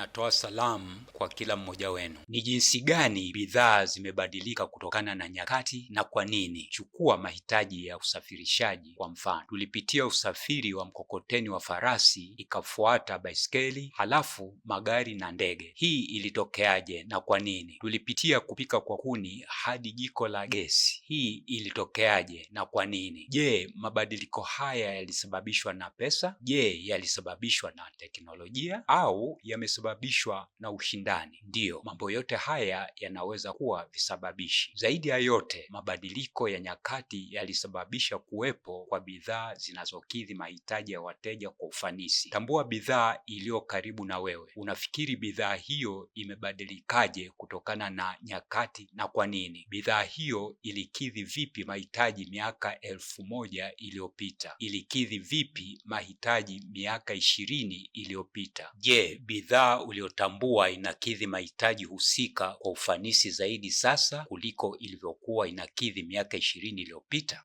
natoa salamu kwa kila mmoja wenu. Ni jinsi gani bidhaa zimebadilika kutokana na nyakati na kwa nini? Chukua mahitaji ya usafirishaji kwa mfano. Tulipitia usafiri wa mkokoteni wa farasi, ikafuata baiskeli, halafu magari na ndege. Hii ilitokeaje na kwa nini? Tulipitia kupika kwa kuni hadi jiko la gesi. Hii ilitokeaje na kwa nini? Je, mabadiliko haya yalisababishwa na pesa? Je, yalisababishwa na teknolojia au yamesababishwa kusababishwa na ushindani. Ndiyo, mambo yote haya yanaweza kuwa visababishi. Zaidi ya yote, mabadiliko ya nyakati yalisababisha kuwepo kwa bidhaa zinazokidhi mahitaji ya wateja kwa ufanisi. Tambua bidhaa iliyo karibu na wewe. Unafikiri bidhaa hiyo imebadilikaje kutokana na nyakati na kwa nini? Bidhaa hiyo ilikidhi vipi mahitaji miaka elfu moja iliyopita? Ilikidhi vipi mahitaji miaka ishirini iliyopita? Je, bidhaa uliotambua inakidhi mahitaji husika kwa ufanisi zaidi sasa kuliko ilivyokuwa inakidhi miaka ishirini iliyopita.